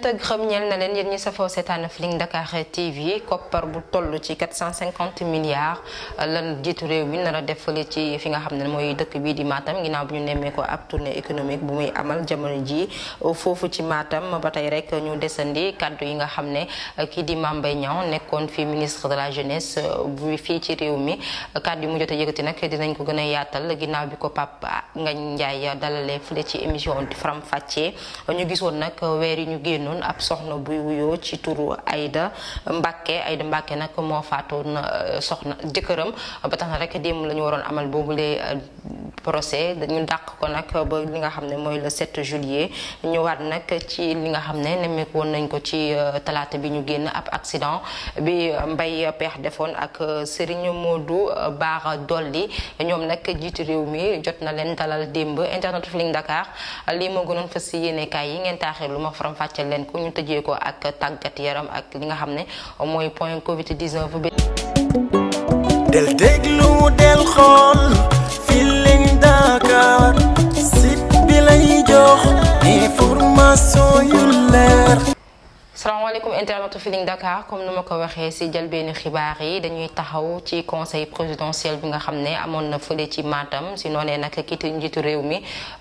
te gërëm ñeel na leen yéen ñi safoo seetaan Feeling Dakar TV koppar bu toll ci milliards lan jiitu réew mi nar def fële ci fi nga xam ne mooy dëkk bii di Matam ginnaaw bi ñu nemmee ko ab tournée économique bu muy amal jamono ji foofu ci Matam ba tey rek ñu desandi kàddu yi nga xam ne kii di Mame Mbaye Niang nekkoon fi ministre de la jeunesse euh, bu fii ci réew mi kàddu yu mu jot a yëkkati nag dinañ ko gën a yaatal ginnaaw bi ko Pape Ngagne Ndiaye dalalee fële ci émission Faram Facce ñu gisoon nag weer yi ñu génn noonu ab soxna buy wuyoo ci turu Aïda Mbacke Aïda Mbacke nag moo faatoon euh, soxna jëkkëram ba tax na rek démb la ñu waroon amal boobu boobulee euh, procès dañu dàq ko nag ba li nga xam ne mooy le 7 juillet ñëwaat nag ci li nga xam ne nemmeeku woon nañ ko ci euh, talaata bi ñu génn ab accident bi Mbay Peex defoon ak Serigne Modou Bara Dolli ñoom nag jiitu réew mi jot na leen dalal démb internet Feeling Dakar lii moo gënoon fës si yéene yi ngeen taaxee lu ma faram fàcceel ku ñu tëjee ko ak tàggat yaram ak li nga xam ne mooy point Covid 19 bi. del déglu del xool Feeling Dakar site bi lay jox information yu leer. salaamaaleykum internetu Feeling Dakar comme nu ma ko waxee ci jalbeeni xibaar yi dañuy taxaw ci conseil présidentiel bi nga xam ne amoon na fële ci Matam ci noonee nag kiitu njiitu réew mi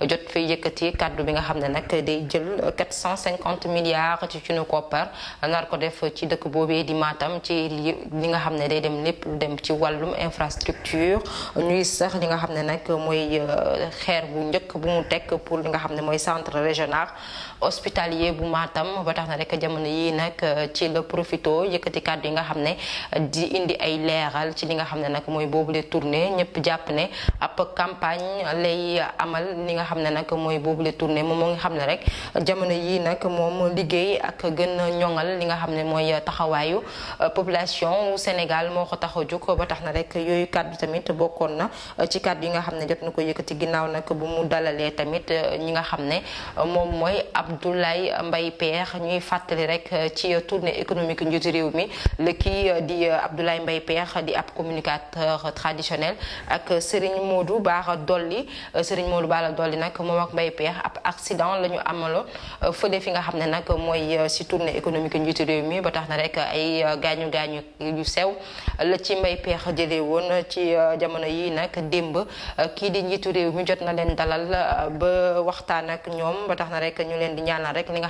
jot fay yëkkati kàddu bi nga xam ne nag day jël 450 milliards ci cinu koppar nar ko def ci dëkk boobee di maatam ci li nga xam ne day dem lépp dem ci wàllum infrastructure ñuy sax li nga xam ne nag mooy euh, xeer bu njëkk bu mu teg pour li nga xam ne mooy centre régional hospitalier bu Matam ba tax yi nag euh, ci la profito yëkkati kàddu yi nga xam ne euh, di indi ay leeral ci li nga xam ne nag mooy boobu boobule tournée ñëpp jàpp ne app campagne lay amal li nga xam ne nag mooy boobule tournée moom moo ngi xam ne rek jamono yi nag moom liggéey ak gën a ñoŋal li nga xam ne mooy taxawaayu euh, population Sénégal moo ko tax a jóg ba tax na rek yooyu kàddu tamit bokkoon na ci kàddu yi nga xam ne jot na ko yëkkati ginnaaw nag bu mu dalalee tamit ñi nga xam ne moom mooy Abdoulaye Mbaye Père ñuy fàttali rek rek euh, ci tournée économique njiitu réew mi la kii euh, di euh, Abdoulaye Mbaye Pekh di ab communicateur traditionnel ak Serigne Modou Bara Dolly Serigne Modou Bara Dolly nag moom ak Mbaye Pekh ab accident la ñu amaloon fële fi nga xam ne nag mooy si tournée économique njiitu réew mi ba tax na rek ay gaañu gaañu yu sew la ci Mbaye Pekh jëlee woon ci jamono yi nag démb kii di njiitu réew mi jot na leen dalal ba waxtaan ak ñoom ba tax na rek ñu leen di ñaanal rek li nga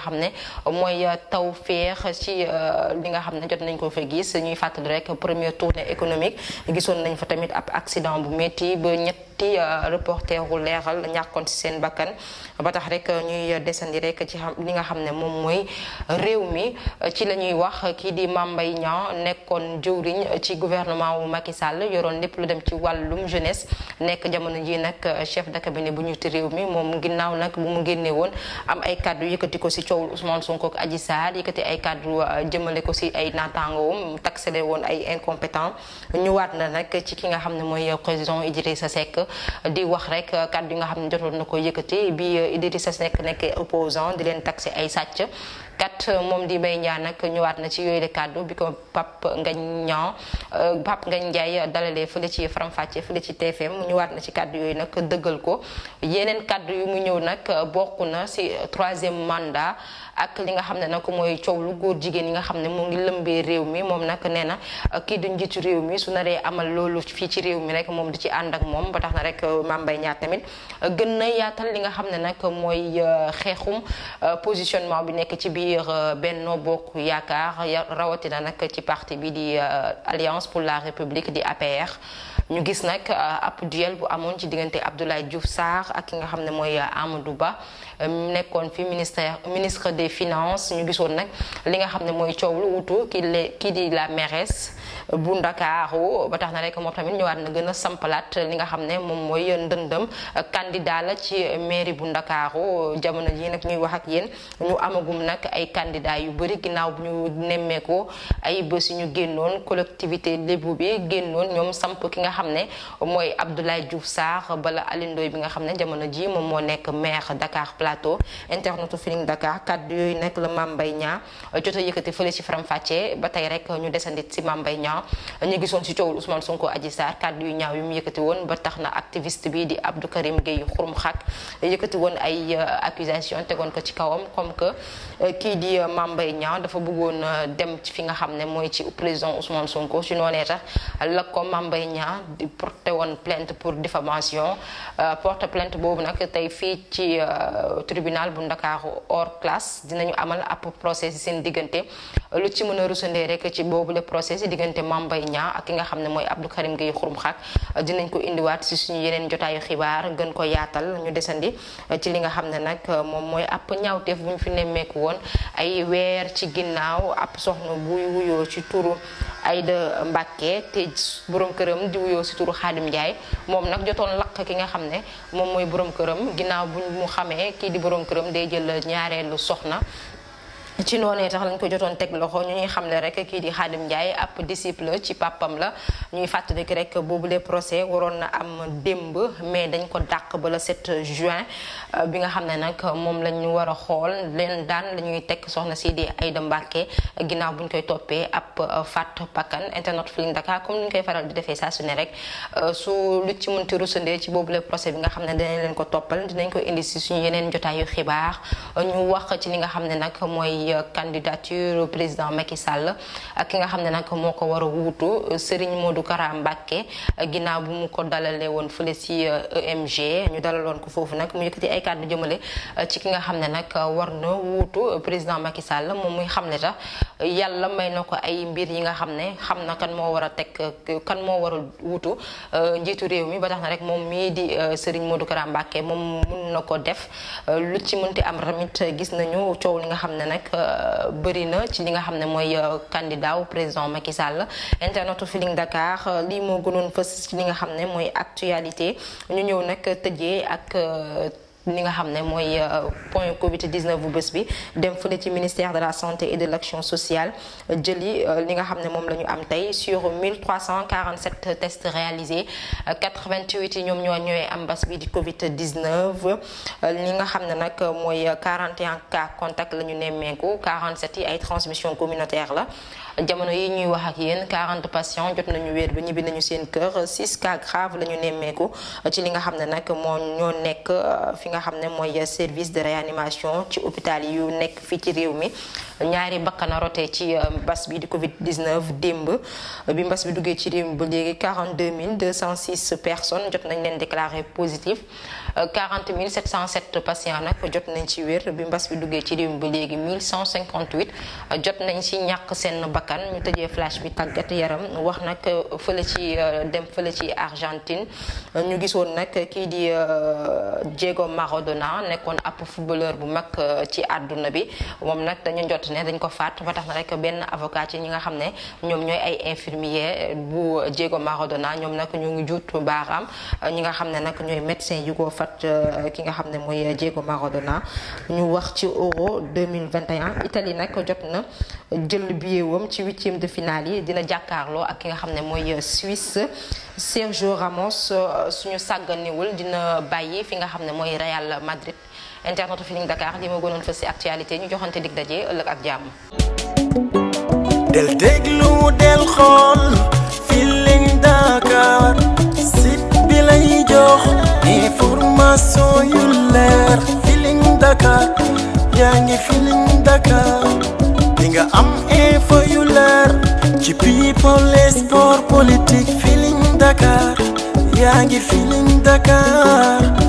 féex ci euh, li nga xam ne jot nañ ko fa gis ñuy fàttali rek première tournée économique gisoon nañ fa tamit ab accident bu métti ba ñett. ñetti euh, reporteru leeral ñàkkoon si seen bakkan ba tax rek euh, ñuy desandi rek ci xam li nga xam ne moom mooy réew mi ci la ñuy wax kii di Mame Mbaye Niang nekkoon jëwriñ ci gouvernement wu Macky sàll yoroon lépp lu dem ci wàllum jeunesse nekk jamono ji nag euh, chef de cabinet bu ñu ti réew mi moom ginnaaw nag bu mu génnee woon am ay kàddu yëkkati ko ci coowul Ousmane Sonko ak Adji Sarr yëkkati ay kàddu jëmale ko ci ay naataangoom taxele woon ay incompétent ñëwaat na nag ci ki nga xam ne mooy président Idrissa Seck di wax rek euh, kàddu yi nga xam ne jotoon na ko yëkkati bi euh, Idrissa Seck nekk opposant di leen taxé ay sàcc kat euh, moom di Mbaye Ndiaye nag ñëwaat na ci yooyu la kàddu bi ko Pape Ngagne Niang euh, Pape Ngagne Ndiaye dalalee fële ci Faram Facce fële ci TFM mu waat na ci kaddu yooyu nag dëggal ko yeneen kàddu yu mu ñëw nag euh, bokk na si troisième manda ak li nga xam ne nag mooy coow góor jigéen yi nga xam ne mu ngi lëmbee réew mi moom nag nee na kii du njiitu réew mi su naree amal loolu fii ci réew mi rek moom di ci ànd ak moom ba tax na rek Mame Mbaye Niang tamit gën na yaatal li nga xam ne nag mooy xeexum positionnement bi nekk ci biir biir euh, Benno Bokk Yaakaar rawatina nag ci parti bi di euh, Alliance pour la République di APR ñu gis nag euh, ab duel bu amoon ci diggante Abdoulaye Diouf Sarr ak ki nga xam ne mooy euh, Amadou Ba euh, nekkoon fi ministère ministre des finances ñu gisoon nag li nga xam ne mooy coow lu wutu ki kii di la mairesse bu Ndakaaru ba tax na rekk moom tamit ñëwaat na gën a sampalaat li nga xam ne moom mooy ndëndëm candidat la ci mairie bu Ndakaaru jamono ji nag ñuy wax ak yéen ñu amagum nag ay candidat yu bëri ginnaaw bu ñu nemmeekoo ay bés yu ñu génnoon collectivité lébu xam ne mooy Abdoulaye Diouf saax bala Alioune Ndoye bi nga xam ne jamono jii moom moo nekk maire dakaar Plateau internetu Feeling Dakar kàddu yooyu nekk la Mame Mbaye Niang jot a yëkkati fële ci Faram Facce ba tey rek ñu desandit ci Mame Mbaye Niang ñu gisoon ci coowul Ousmane Sonko Adji Sarr kàddu yu ñaaw yu mu yëkkati woon ba tax na activist bi di Abdou Karim Gueye xurum xak yëkkati woon ay euh, accusation tegoon ko ci kawam comme que euh, kii di euh, mambay Mbaye Niang dafa bëggoon dem ci fi nga xam ne mooy ci président Ousmane Sonko ci noonee tax la ko mambay Mbaye di woon plainte pour diffamation euh, porte plainte boobu nag tey fii ci euh, tribunal bu Ndakaaru hors classe dinañu amal ab procès seen diggante lu ci mën a rusandee rek ci boobu le procès si diggante Mame Mbaye Niang ak ki nga xam ne mooy Abdou Karim Gueye Xrum Xax euh, dinañ ko indiwaat si suñu yeneen jotaayu xibaar gën ko yaatal ñu desandi ci li nga xam ne nag moom mooy ab ñaawteef bu ñu fi nemmeeku woon ay weer ci ginnaaw ab soxna buy wuyoo ci Aïda Mbacké te borom këram di wuyoo si turu Xaadim Ndiaye moom nag jotoon laq ki nga xam ne moom mooy borom këram ginnaaw bu mu xamee kii di borom këram day jël ñaareelu soxna ci noonee tax lañ ko jotoon teg loxo ñu ñuy xamle rek kii di Khadim Ndiaye ab disciple ci papam la ñuy fàttali rek boobu boobule procès waroon na am démb mais dañ ko dàq ba le 7 juin euh, bi nga xam ne nag moom la ñu war a xool leen daan la ñuy teg soxna si di Aïda Mbacké ginnaaw bu ñu koy toppee ab euh, fàtt pakkan internet Feeling Dakar comme ni ñu koy faral di defee saa su rek euh, su lu ci mënti rusandee ci boobu boobule procès bi nga xam ne dinañ ko toppal dinañ ko indi si suñu yeneen jotaayu xibaar ñu ci li nga xam ne nag mooy. di candidature président Macky Sall ak ki nga xam ne nag moo ko war a wuutu moo du Kara Mbacké ginnaaw bu mu ko dalalee woon fële si EMG euh, e ñu dalaloon ko foofu nag mu yëkkati ay kàddu jëmale euh, ci ki nga xam ne nag war na wuutu président Macky Sall moom muy xam ne tax yàlla may na ko ay mbir yi nga xam ne xam na kan moo war a teg kan moo war a wuutu euh, njiitu réew mi ba tax na rek moom mii di Serigne Modou Kara Mbacké moom mun na ko def lu ci mënti am tamit gis nañu coow li nga xam ne nag Euh, bëri na ci li nga xam ne mooy euh, candidat wu président Macky Sall internetu Feeling Dakar euh, lii moo gënoon fës ci li nga xam ne mooy actualité ñu ñëw nag tëjee ak li nga xam ne mooy euh, point Covid 19 bu bés bi dem fële ci ministère de la santé et de l' action sociale jëli euh, li nga xam ne moom la ñu am tey sur 1347 tests réalisés 88 yi ñoom ñoo ñooy am bas bi di Covid 19 li nga xam ne nag mooy 41 cas contact la ñu nemmeeku 47 yi ay transmission communautaire la. jamono yi ñuy wax ak yéen 40 patients jot nañu wér ba ñibbi nañu seen kër 6 cas grave la nemmeeku ci li nga xam ne nag moo ñoo nekk euh, fi nga xam ne mooy service de réanimation ci hôpital yu nekk fii ci réew mi ñaari bakkan a rote ci euh, mbas bi di Covid 19 démb bi mbas bi duggee ci réew mi ba léegi 42 206 personnes jot nañ leen déclaré positif 40 euh, 707 patients nag jot nañ ci wér bi mbas bi duggee ci réew mi ba léegi 1158 jot nañ ci ñàkk seen bakkan ñu tëjee flash bi tàggat yaram wax nag euh, fële ci dem fële ci Argentine ñu gisoon nag kii di Diego Maradona nekkoon ab footballeur bu mag ci àdduna bi moom nag dañu jot 14 ne dañ ko faat ba tax na rek benn avocat ci ñi nga xam ne ñoom ñooy ay infirmier bu Diego Maradona ñoom nag ñu ngi juut baaraam ñi nga xam ne nag ñooy médecin yu ko faat euh, ki nga xam ne mooy Diego Maradona ñu wax ci euro 2021 Italie nag jot na jël billet wam ci huitième de finale yi dina jàkkaarloo ak ki nga xam ne mooy Suisse Sergio Ramos euh, suñu sàgganiwul dina bàyyi fi nga xam ne mooy Real Madrid internetu Feeling Dakar li moo gënoon fës ci actualité ñu joxante dig ak jàmm. del yaa ngi Feeling Dakar di nga am info yu leer ci people et sport politique Feeling Dakar yaa ngi Feeling Dakar.